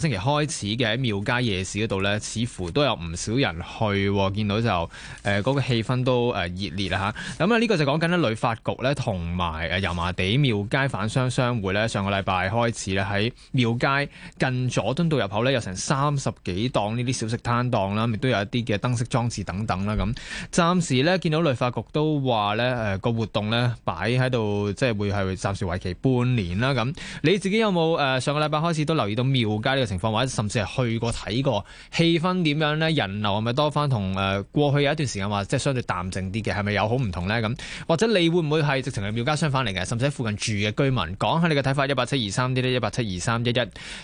星期開始嘅喺廟街夜市嗰度呢，似乎都有唔少人去，見到就嗰、呃那個氣氛都熱烈啦嚇。咁啊，呢、啊這個就講緊咧，旅發局呢，同埋油麻地廟街販商商會呢，上個禮拜開始咧，喺廟街近佐敦道入口呢，有成三十幾檔呢啲小食攤檔啦，亦、啊、都有一啲嘅燈飾裝置等等啦咁、啊。暫時呢，見到旅發局都話呢誒個、呃、活動呢，擺喺度，即係會係暫時為期半年啦咁。啊、你自己有冇、呃、上個禮拜開始都留意到廟街呢、這個情況或者甚至係去過睇過氣氛點樣呢？人流係咪多翻同誒過去有一段時間話即係相對淡靜啲嘅係咪有好唔同呢？咁或者你會唔會係直情係廟街商販嚟嘅，甚至係附近住嘅居民講下你嘅睇法一八七二三啲呢一八七二三一一，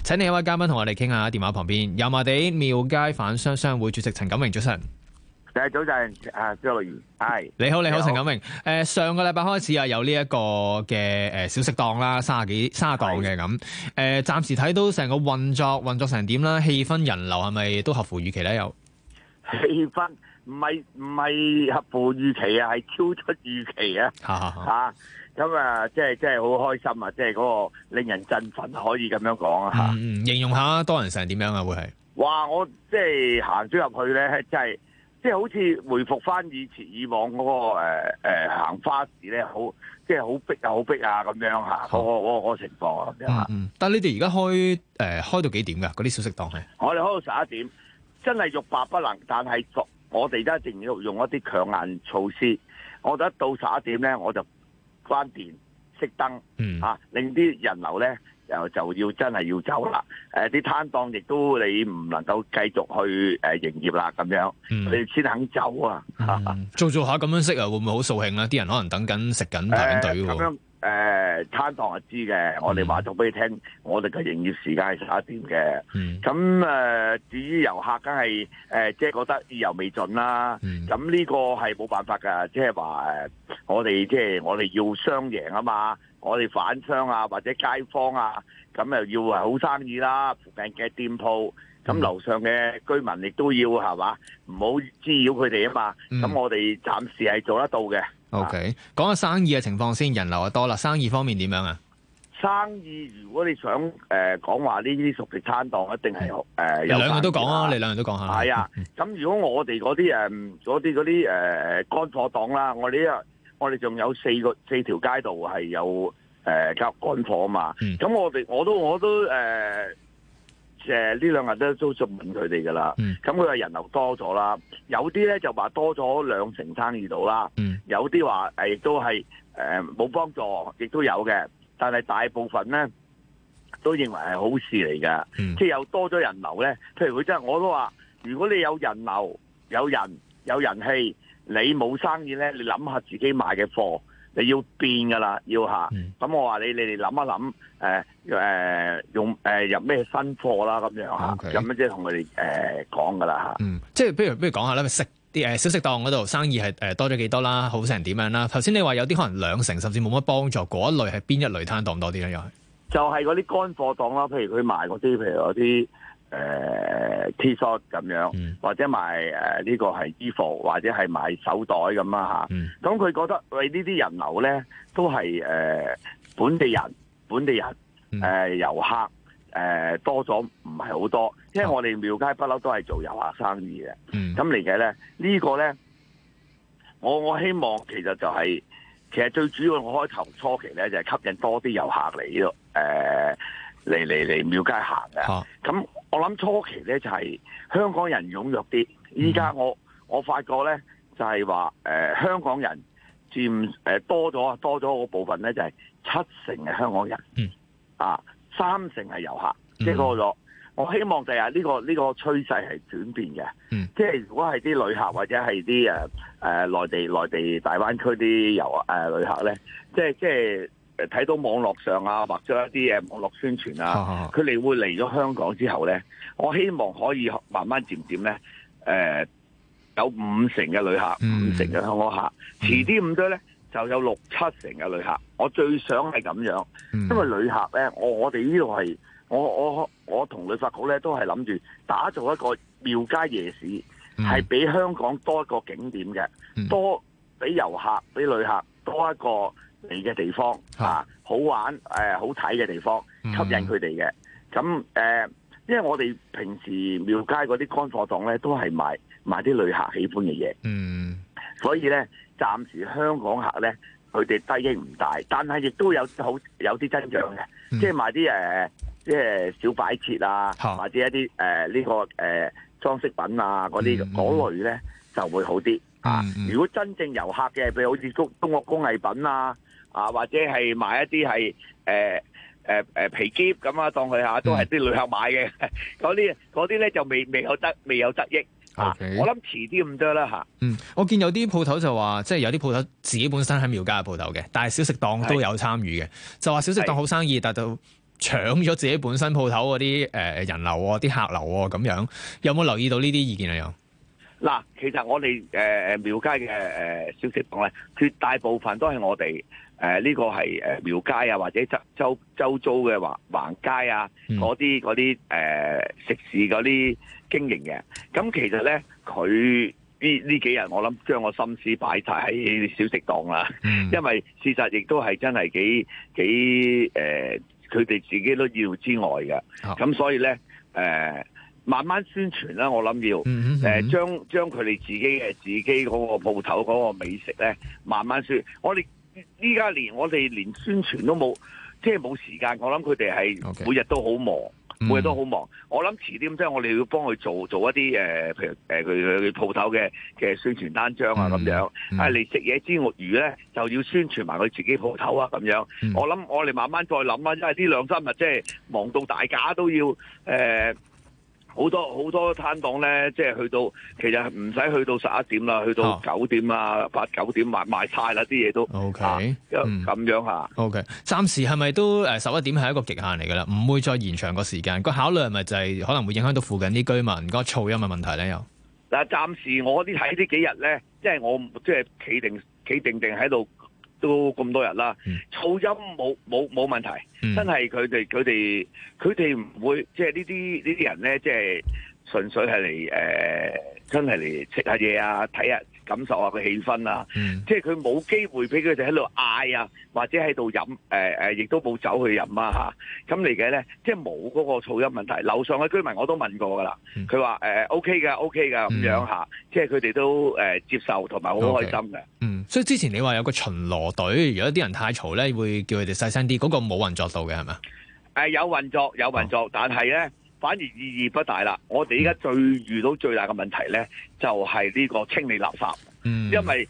請你一位嘉賓同我哋傾下電話旁邊油麻地廟街販商商會主席陳錦榮早晨。誒，早晨，啊、哎，張樂怡，係你好，你好，陳錦榮。誒、呃，上個禮拜開始啊，有呢一個嘅誒小食檔啦，三十幾三十檔嘅咁。誒，暫、呃、時睇到成個運作運作成點啦，氣氛人流係咪都合乎預期咧？有氣氛唔係唔係合乎預期啊，係超出預期啊，吓吓咁啊！即係即係好開心啊，即係嗰個令人振奮，可以咁樣講啊！吓，形容下多人成點樣啊？會係哇，我即係行咗入去咧，即係。即、就、係、是、好似回復翻以前以往嗰個誒誒行花市咧，好即係好逼啊，好逼啊咁樣吓，嗰個嗰個情況啊，嗯嗯。但係你哋而家開誒開到幾點㗎？嗰啲小食檔係我哋開到十一點，真係欲罷不能。但係我哋都一定要用一啲強硬措施。我覺得到十一點咧，我就關電。熄燈嚇，令啲人流咧又就要真係要走啦。誒啲攤檔亦都你唔能夠繼續去誒營業啦，咁樣你先肯走啊。做做下咁樣熄啊，會唔會好掃興啊？啲人可能等緊食緊排緊隊喎。誒、呃、餐堂係知嘅、嗯，我哋話咗俾你聽，我哋嘅營業時間係十一點嘅。咁、嗯、誒，至於遊客，梗係即係覺得意猶未盡啦。咁、嗯、呢個係冇辦法㗎，即係話我哋即係我哋要雙贏啊嘛。我哋販商啊，或者街坊啊，咁又要好生意啦。附近嘅店鋪，咁、嗯、樓上嘅居民亦都要係嘛，唔好滋擾佢哋啊嘛。咁我哋暫時係做得到嘅。OK，講下生意嘅情況先，人流係多啦，生意方面點樣啊？生意如果你想誒講、呃、話呢啲熟食攤檔一定係誒有翻。兩、呃、個都講、呃、啊，你兩個都講下。係、嗯、啊，咁如果我哋嗰啲誒嗰啲嗰啲誒乾貨檔啦，我哋我哋仲有四個四條街道係有誒夾、呃、乾貨啊嘛。咁、嗯、我哋我都我都誒誒呢兩日都都問佢哋噶啦。咁佢話人流多咗啦，有啲咧就話多咗兩成生意度啦。嗯有啲話亦都係誒冇幫助，亦都有嘅。但係大部分咧都認為係好事嚟㗎、嗯，即係有多咗人流咧。譬如佢真係我都話，如果你有人流、有人、有人氣，你冇生意咧，你諗下自己賣嘅貨，你要變㗎啦，要嚇。咁、嗯、我話你，你哋諗一諗誒、呃、用誒入咩新貨啦，咁樣嚇，咁、okay. 樣、呃嗯、即係同佢哋誒講㗎啦嚇，即係不如不如講下咧食。啲誒小食檔嗰度生意係誒多咗幾多啦？好成點樣啦？頭先你話有啲可能兩成，甚至冇乜幫助，嗰一類係邊一類攤檔多啲咧？又係就係嗰啲乾貨檔啦，譬如佢賣嗰啲，譬如嗰啲誒、呃、T-shirt 咁樣、嗯，或者賣誒呢、呃這個係衣服，或者係賣手袋咁啦。嚇、啊。咁、嗯、佢覺得喂呢啲人流咧都係誒、呃、本地人，本地人誒遊客誒、呃、多咗唔係好多。即係我哋廟街不嬲都係做遊客生意嘅，咁嚟嘅咧呢、呢個咧，我我希望其實就係、是、其實最主要我開頭初期咧就係、是、吸引多啲遊客嚟呢度，誒嚟嚟嚟廟街行嘅。咁、啊、我諗初期咧就係、是、香港人踴躍啲，依、嗯、家我我發覺咧就係話誒香港人佔誒、呃、多咗多咗個部分咧就係、是、七成係香港人，嗯、啊三成係遊客，嗯、即係嗰個。我希望第日呢個呢、呢個趨勢係轉變嘅、嗯，即係如果係啲旅客或者係啲誒誒內地內地大灣區啲遊誒旅客咧，即係即係睇到網絡上啊或者一啲誒網絡宣傳啊，佢哋會嚟咗香港之後咧，我希望可以慢慢漸漸咧誒、呃、有五成嘅旅客，嗯、五成嘅香港客，遲啲咁多咧就有六七成嘅旅客，我最想係咁樣、嗯，因為旅客咧我我哋呢度係。我我我同旅發局咧都係諗住打造一個廟街夜市，係、嗯、俾香港多一個景點嘅、嗯，多俾遊客、俾旅客多一個嚟嘅地方吓、啊啊，好玩誒、呃，好睇嘅地方吸引佢哋嘅。咁、嗯、誒、呃，因為我哋平時廟街嗰啲乾貨檔咧都係賣賣啲旅客喜歡嘅嘢、嗯，所以咧暫時香港客咧佢哋得益唔大，但係亦都有好有啲增長嘅，即係賣啲誒。就是即係小擺設啊，或者一啲誒呢個誒、呃、裝飾品啊，嗰啲嗰類咧、嗯、就會好啲啊、嗯嗯！如果真正遊客嘅，譬如好似工中國工藝品啊，啊或者係買一啲係誒誒誒皮夾咁啊，當佢下，都係啲旅客買嘅嗰啲嗰啲咧就未未有得未有得益啊！Okay. 我諗遲啲咁多啦嚇。嗯，我見有啲鋪頭就話，即、就、係、是、有啲鋪頭自己本身喺廟街嘅鋪頭嘅，但係小食檔都有參與嘅，就話小食檔好生意，但到搶咗自己本身鋪頭嗰啲誒人流啊，啲客流啊，咁樣有冇留意到呢啲意見啊？又嗱，其實我哋誒誒廟街嘅誒小食檔咧，絕大部分都係我哋誒呢個係誒廟街啊，或者周周周遭嘅橫橫街啊，嗰啲嗰啲誒食肆嗰啲經營嘅。咁其實咧，佢呢呢幾日我諗將個心思擺晒喺小食檔啦、嗯，因為事實亦都係真係幾幾誒。佢哋自己都要之外嘅，咁、oh. 所以呢，誒、呃、慢慢宣傳啦，我諗要誒、mm-hmm-hmm. 呃、將將佢哋自己嘅自己嗰個鋪頭嗰個美食呢慢慢宣。我哋依家連我哋連宣傳都冇，即係冇時間。我諗佢哋係每日都好忙。Okay. 嗯、每日都好忙，我諗遲啲即係我哋要幫佢做做一啲誒、呃，譬如誒佢佢鋪頭嘅嘅宣傳單張啊咁樣，啊你食嘢之餘咧就要宣傳埋佢自己鋪頭啊咁樣，我諗我哋慢慢再諗啊，因為呢兩三日即係忙到大家都要誒。呃好多好多攤檔咧，即係去到其實唔使去到十一點啦，去到九點，oh. 8, 點 okay. 啊，八九點賣菜曬啦，啲嘢都 OK，咁樣下。O、okay. K，暫時係咪都十一點係一個極限嚟㗎啦，唔會再延長個時間。個考慮係咪就係可能會影響到附近啲居民個噪音嘅問題咧？又嗱，暫時我啲睇呢幾日咧，即、就、係、是、我即係企定企定定喺度。都咁多日啦，噪音冇冇冇問題。真係佢哋佢哋佢哋唔會即係呢啲呢啲人咧，即係純粹係嚟、誒，真係嚟食下嘢啊，睇下啊。感受下個氣氛啊！嗯、即係佢冇機會俾佢哋喺度嗌啊，或者喺度飲誒誒，亦、呃、都冇酒去飲啊！咁嚟嘅咧，即係冇嗰個噪音問題。樓上嘅居民我都問過噶啦，佢話誒 OK 嘅，OK 嘅咁樣嚇、嗯，即係佢哋都誒、呃、接受同埋好開心嘅。Okay. 嗯，所以之前你話有個巡邏隊，如果啲人太嘈咧，會叫佢哋細聲啲，嗰、嗰個冇運作到嘅係咪？誒有運作有運作，運作哦、但係咧。反而意義不大啦。我哋而家最遇到最大嘅問題呢，就係、是、呢個清理垃圾。嗯、因為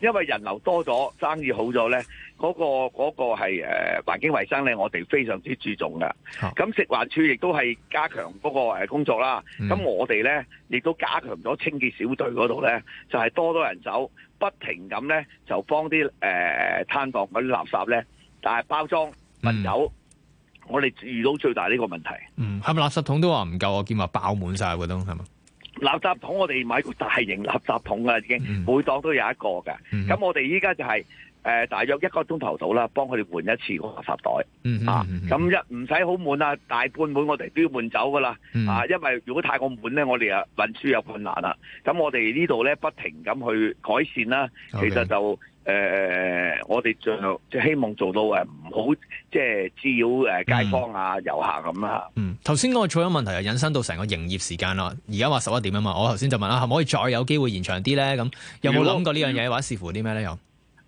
因為人流多咗，生意好咗，那個那個呃、呢，嗰個嗰個係環境衞生呢，我哋非常之注重嘅，咁食環處亦都係加強嗰個工作啦。咁、嗯、我哋呢，亦都加強咗清潔小隊嗰度呢就係、是、多多人走，不停咁呢，就幫啲誒、呃、攤檔嗰啲垃圾呢，但係包裝物有。嗯我哋遇到最大呢個問題，嗯，係咪垃圾桶都話唔夠啊？見話爆滿晒嗰種係嘛？垃圾桶我哋買個大型垃圾桶啊，已、嗯、經每檔都有一個嘅。咁、嗯、我哋依家就係、是、誒、呃，大約一個鐘頭到啦，幫佢哋換一次個垃圾袋，嗯哼嗯哼啊。咁一唔使好滿啦，大半滿我哋都要換走噶啦、嗯、啊，因為如果太過滿咧，我哋啊運輸有困難啦。咁我哋呢度咧不停咁去改善啦，okay. 其實就。誒誒誒，我哋就就希望做到誒，唔好即係滋擾誒街坊啊、遊客咁啦嗯，頭先嗰個噪音問題啊，引申到成個營業時間啦。而家話十一點啊嘛，我頭先就問啦，可唔可以再有機會延長啲咧？咁有冇諗過呢樣嘢或者視乎啲咩咧？又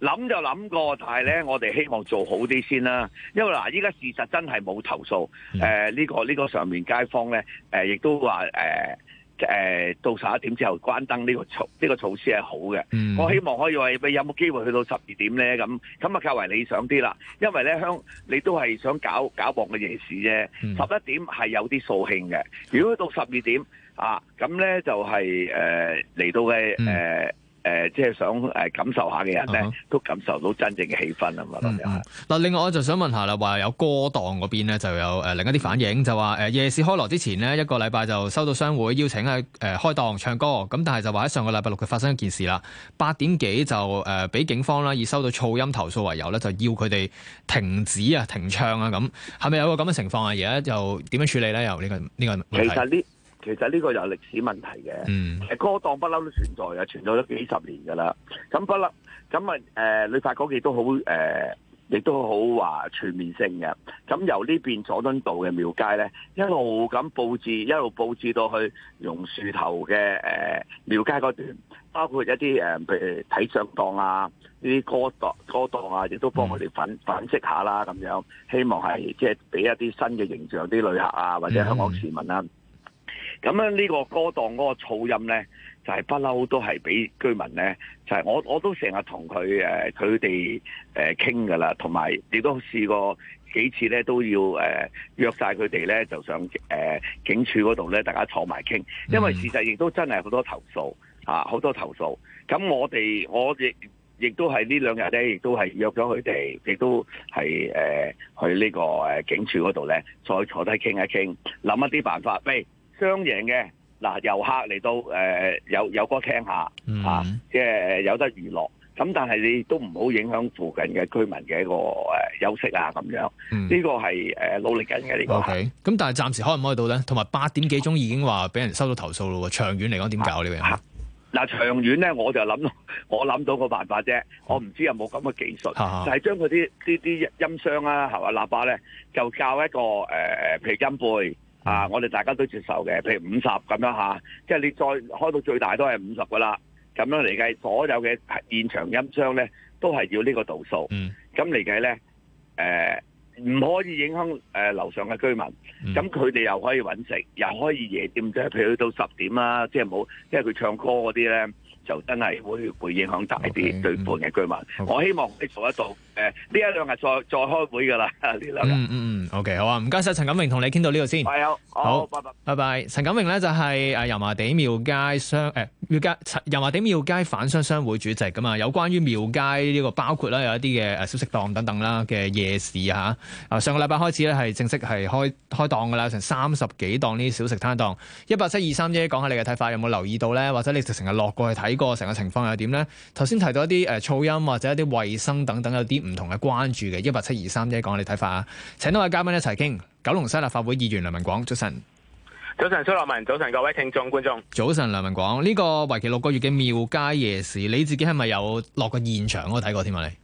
諗就諗過，但係咧，我哋希望做好啲先啦、啊。因為嗱，依家事實真係冇投訴。誒、呃、呢個呢個上面街坊咧，誒、呃、亦都話誒。呃誒到十一點之後關燈呢個措呢個措施係好嘅、嗯，我希望可以話，你有冇機會去到十二點咧？咁咁啊較為理想啲啦，因為咧香你都係想搞搞旺嘅夜市啫。十一點係有啲掃興嘅，如果到十二點啊，咁咧就係誒嚟到嘅誒。呃嗯誒即係想誒感受下嘅人咧，都感受到真正嘅氣氛啊嘛。嗱、嗯嗯，另外我就想問下啦，話有歌檔嗰邊咧，就有誒另一啲反應，嗯、就話誒夜市開鑼之前呢，一個禮拜就收到商會邀請喺誒開檔唱歌。咁但係就話喺上個禮拜六嘅發生一件事啦，八點幾就誒俾警方啦，以收到噪音投訴為由咧，就要佢哋停止啊、停唱啊。咁係咪有個咁嘅情況啊？而家又點樣處理咧？由呢個呢個問題。其實呢個又係歷史問題嘅，嗯歌檔不嬲都存在嘅，存在咗幾十年噶啦。咁不嬲，咁啊誒，旅發局亦都好誒，亦、呃、都好話、啊、全面性嘅。咁由呢邊佐敦道嘅廟街咧，一路咁佈置，一路佈置到去榕樹頭嘅誒廟街嗰段，包括一啲誒譬如睇相啊檔啊，呢啲歌檔歌檔啊，亦都幫我哋分分析下啦，咁樣希望係即係俾一啲新嘅形象啲旅客啊，或者香港市民啦、啊。嗯嗯。咁樣呢個歌檔嗰個噪音咧，就係不嬲都係俾居民咧，就係、是、我我都成日同佢誒佢哋誒傾噶啦，同埋亦都試過幾次咧，都要誒、呃、約晒佢哋咧，就上誒、呃、警署嗰度咧，大家坐埋傾，因為事實亦都真係好多投訴啊，好多投訴。咁、啊、我哋我亦亦都係呢兩日咧，亦都係約咗佢哋，亦都係誒、呃、去呢個警署嗰度咧，再坐低傾一傾，諗一啲辦法。喂！雙贏嘅，嗱，遊客嚟到誒、呃、有有歌聽下、嗯、啊，即、就、係、是、有得娛樂。咁但係你都唔好影響附近嘅居民嘅一個誒休息啊咁樣。呢、嗯這個係誒努力緊嘅呢個。咁、okay, 但係暫時可唔可以到咧？同埋八點幾鐘已經話俾人收到投訴咯。長遠嚟講點搞呢樣？嗱、啊啊，長遠咧我就諗，我諗到個辦法啫。我唔知有冇咁嘅技術，啊、就係、是、將佢啲啲啲音箱啊，係嘛喇叭咧，就教一個誒誒皮音背。呃啊！我哋大家都接受嘅，譬如五十咁樣嚇、啊，即係你再開到最大都係五十噶啦。咁樣嚟計，所有嘅現場音箱咧都係要呢個度數。咁、嗯、嚟計咧，誒、呃、唔可以影響誒、呃、樓上嘅居民。咁佢哋又可以揾食，又可以夜店即係。譬如去到十點啦、啊，即係冇，即係佢唱歌嗰啲咧就真係會會影響大啲、okay, 嗯、對半嘅居民。Okay. 我希望你做得到。呢一兩日再再開會噶啦，呢兩日。嗯嗯嗯，OK，好啊，唔該晒，陳錦榮同你傾到呢度先。係好，拜拜拜拜。陳錦榮咧就係誒油麻地廟街商誒廟、欸、街陳油麻地廟街販商商會主席噶嘛，有關於廟街呢、這個包括啦有一啲嘅小食檔等等啦嘅夜市吓。啊，上個禮拜開始咧係正式係開開檔噶啦，成三十幾檔呢啲小食攤檔。17231, 一八七二三一，講下你嘅睇法，有冇留意到咧？或者你直成日落過去睇過成個情況又點咧？頭先提到一啲誒噪音或者一啲衛生等等有啲。唔同嘅關注嘅，18723，一八七二三，一講你睇法啊！請多位嘉賓一齊傾。九龍西立法會議員梁文廣，早晨。早晨，蘇樂文，早晨，各位聽眾觀眾。早晨，梁文廣，呢個為期六個月嘅廟街夜市，你自己係咪有落過現場我睇過添啊？你？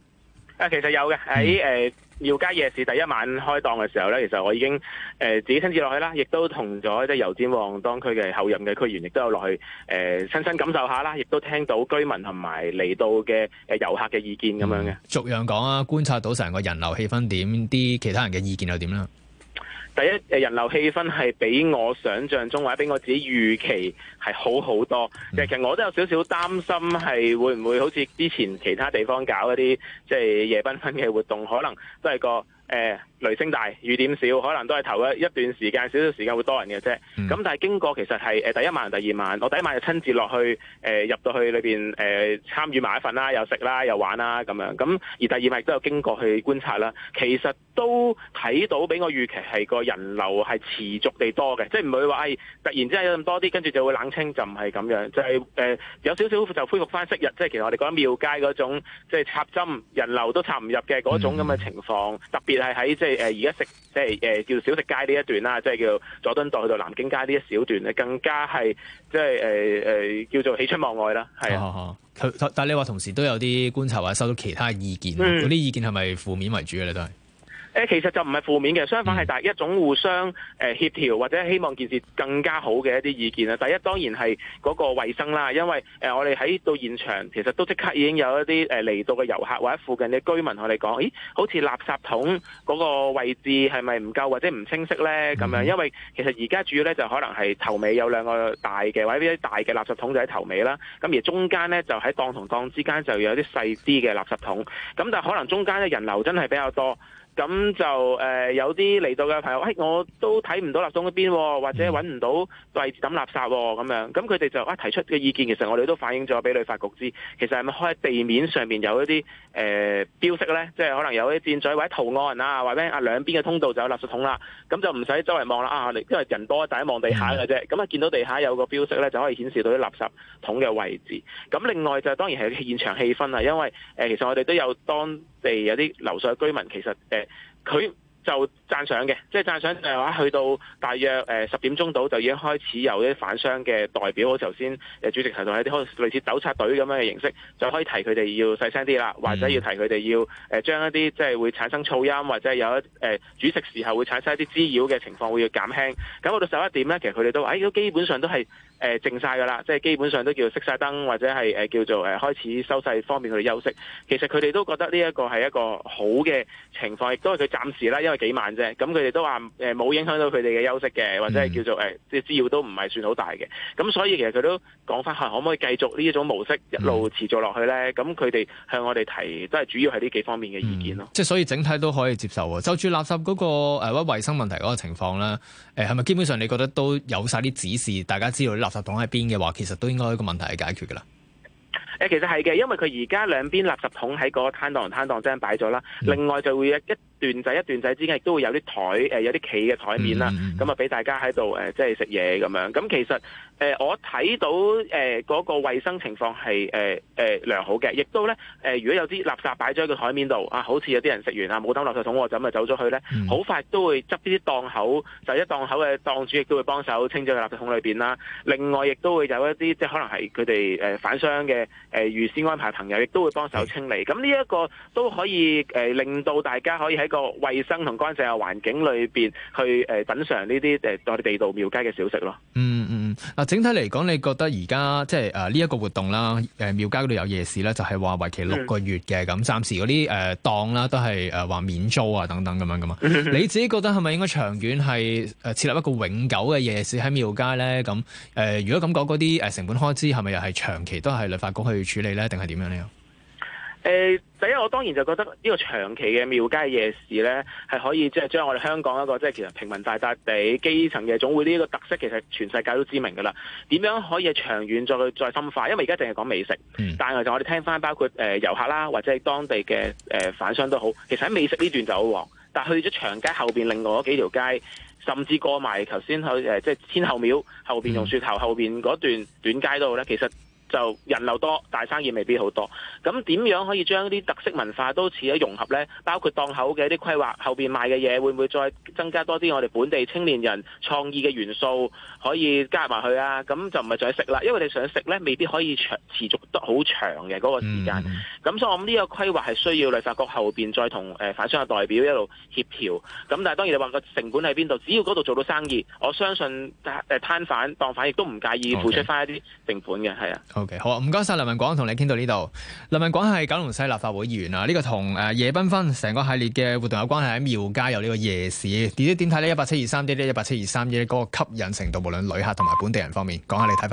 啊，其實有嘅，喺誒廟街夜市第一晚開檔嘅時候咧，其實我已經誒、呃、自己親自落去啦，亦都同咗即係油尖旺當區嘅候任嘅區員，亦都有落去誒、呃、親身感受下啦，亦都聽到居民同埋嚟到嘅誒遊客嘅意見咁、嗯、樣嘅。逐樣講啦，觀察到成個人流氣氛點，啲其他人嘅意見又點啦。第一，人流氣氛係比我想象中或者比我自己預期係好好多，其實我都有少少擔心係會唔會好似之前其他地方搞一啲即係夜繽紛嘅活動，可能都係個、欸雷聲大雨點少，可能都係頭一一段時間，少少時間會多人嘅啫。咁、嗯、但係經過其實係第一晚、第二晚，我第一晚就親自落去入到、呃、去裏邊誒、呃、參與埋一份啦，又食啦，又玩啦咁樣。咁而第二晚亦都有經過去觀察啦，其實都睇到俾我預期係個人流係持續地多嘅，即係唔會話誒突然之間有咁多啲，跟住就會冷清，就唔係咁樣，就係、是、誒、呃、有少少就恢復翻昔日，即、就是、其實我哋講緊廟街嗰種即係、就是、插針人流都插唔入嘅嗰種咁嘅情況，嗯、特別係喺即誒而家食即係誒叫小食街呢一段啦，即係叫佐敦道去到南京街呢一小段咧，更加係即係誒誒叫做喜出望外啦。係、哦、但係你話同時都有啲觀察或者收到其他意見，嗰、嗯、啲意見係咪負面為主嘅？你都係？其實就唔係負面嘅，相反係大家一種互相誒、呃、協調或者希望件事更加好嘅一啲意見，第一當然係嗰個衞生啦，因為誒、呃、我哋喺到現場其實都即刻已經有一啲誒嚟到嘅遊客或者附近嘅居民我哋講：咦，好似垃圾桶嗰個位置係咪唔夠或者唔清晰呢？咁樣，因為其實而家主要呢就可能係頭尾有兩個大嘅，或者呢啲大嘅垃圾桶就喺頭尾啦。咁而中間呢，就喺檔同檔之間就有啲細啲嘅垃圾桶。咁但可能中間呢人流真係比較多。咁就誒、呃、有啲嚟到嘅朋友，哎我都睇唔到垃圾桶嗰邊，或者揾唔到位置抌垃圾喎、哦，咁樣咁佢哋就啊、哎、提出嘅意見，其實我哋都反映咗俾旅發局知，其實係咪開喺地面上面有一啲？誒標識咧，即係可能有啲箭嘴或者圖案啊，或者啊兩邊嘅通道就有垃圾桶啦，咁就唔使周圍望啦啊，因為人多就係望地下嘅啫，咁啊見到地下有個標識咧，就可以顯示到啲垃圾桶嘅位置。咁另外就係、當然係現場氣氛啦，因為、呃、其實我哋都有當地有啲樓上嘅居民，其實誒佢、呃、就。讚賞嘅，即係讚賞誒話去到大約誒十點鐘度，呃、就已經開始有啲販商嘅代表，我頭先誒主席提到喺啲類似糾察隊咁樣嘅形式，就可以提佢哋要細聲啲啦，或者要提佢哋要誒、呃、將一啲即係會產生噪音或者有一誒煮、呃、食時候會產生一啲滋擾嘅情況，會要減輕。咁去到十一點呢，其實佢哋都誒都、哎、基本上都係誒靜晒㗎啦，即係基本上都叫熄晒燈或者係誒叫做誒、呃、開始收細，方便佢哋休息。其實佢哋都覺得呢一個係一個好嘅情況，亦都係佢暫時啦，因為幾萬。啫，咁佢哋都話誒冇影響到佢哋嘅休息嘅，或者係叫做誒即係資料都唔係算好大嘅，咁所以其實佢都講翻吓可唔可以繼續呢一種模式一路持續落去咧？咁佢哋向我哋提都係主要係呢幾方面嘅意見咯、嗯。即係所以整體都可以接受啊！就住垃圾嗰、嗰個誒或衛生問題嗰個情況啦，誒係咪基本上你覺得都有晒啲指示，大家知道啲垃圾桶喺邊嘅話，其實都應該個問題係解決噶啦？誒，其實係嘅，因為佢而家兩邊垃圾桶喺個攤檔同攤檔之間擺咗啦，另外就會一。段仔一段仔之間，亦都會有啲枱誒，有啲企嘅枱面啦。咁、嗯、啊，俾大家喺度誒，即係食嘢咁樣。咁其實誒、呃，我睇到誒嗰、呃那個衞生情況係誒誒良好嘅。亦都咧誒、呃，如果有啲垃圾擺咗喺個枱面度啊，好似有啲人食完啊冇抌垃圾桶我就咁啊走咗去咧，好、嗯、快都會執啲檔口就一檔口嘅檔主亦都會幫手清咗去垃圾桶裏邊啦。另外亦都會有一啲即係可能係佢哋誒販商嘅誒預先安排朋友亦都會幫手清理。咁呢一個都可以誒、呃、令到大家可以喺個衞生同乾淨嘅環境裏邊去誒品嚐呢啲誒我哋地道廟街嘅小食咯。嗯嗯嗱，整體嚟講，你覺得而家即係誒呢一個活動啦，誒、呃、廟街嗰度有夜市咧，就係話為期六個月嘅，咁、嗯、暫時嗰啲誒檔啦都係誒話免租啊等等咁樣噶嘛。 你自己覺得係咪應該長遠係誒設立一個永久嘅夜市喺廟街咧？咁誒、呃，如果咁講，嗰啲誒成本開支係咪又係長期都係立法局去處理咧，定係點樣呢？誒、呃，第一我當然就覺得呢個長期嘅廟街夜市咧，係可以即係將我哋香港一個即係其實平民大笪地、基層嘅總會呢個個特色，其實全世界都知名㗎啦。點樣可以長遠再去再深化？因為而家淨係講美食，嗯、但係就我哋聽翻包括誒、呃、遊客啦，或者係當地嘅販、呃、商都好，其實喺美食呢段就好旺，但去咗長街後面另外嗰幾條街，甚至過埋頭先去即係天后廟後面榕樹頭後面嗰段短街都好咧、嗯，其實。就人流多，大生意未必好多。咁點樣可以將啲特色文化都似咗融合呢？包括檔口嘅一啲規劃，後面賣嘅嘢會唔會再增加多啲我哋本地青年人創意嘅元素，可以加入埋去啊？咁就唔係再食啦，因為你想食呢，未必可以長持續得好長嘅嗰、那個時間。咁、嗯、所以我諗呢個規劃係需要律法局後面再同誒、呃、販商嘅代表一路協調。咁但係當然你話個成本喺邊度？只要嗰度做到生意，我相信誒攤販檔販亦都唔介意付出翻一啲成本嘅係啊。Okay. OK，好啊，唔該晒。梁文廣同你傾到呢度。梁文廣係九龍西立法會議員啊，呢、這個同誒夜繽紛成個系列嘅活動有關係。喺廟街有呢個夜市，點點睇咧？一八七二三啲咧，一八七二三嘅嗰個吸引程度，無論旅客同埋本地人方面，講下你睇法。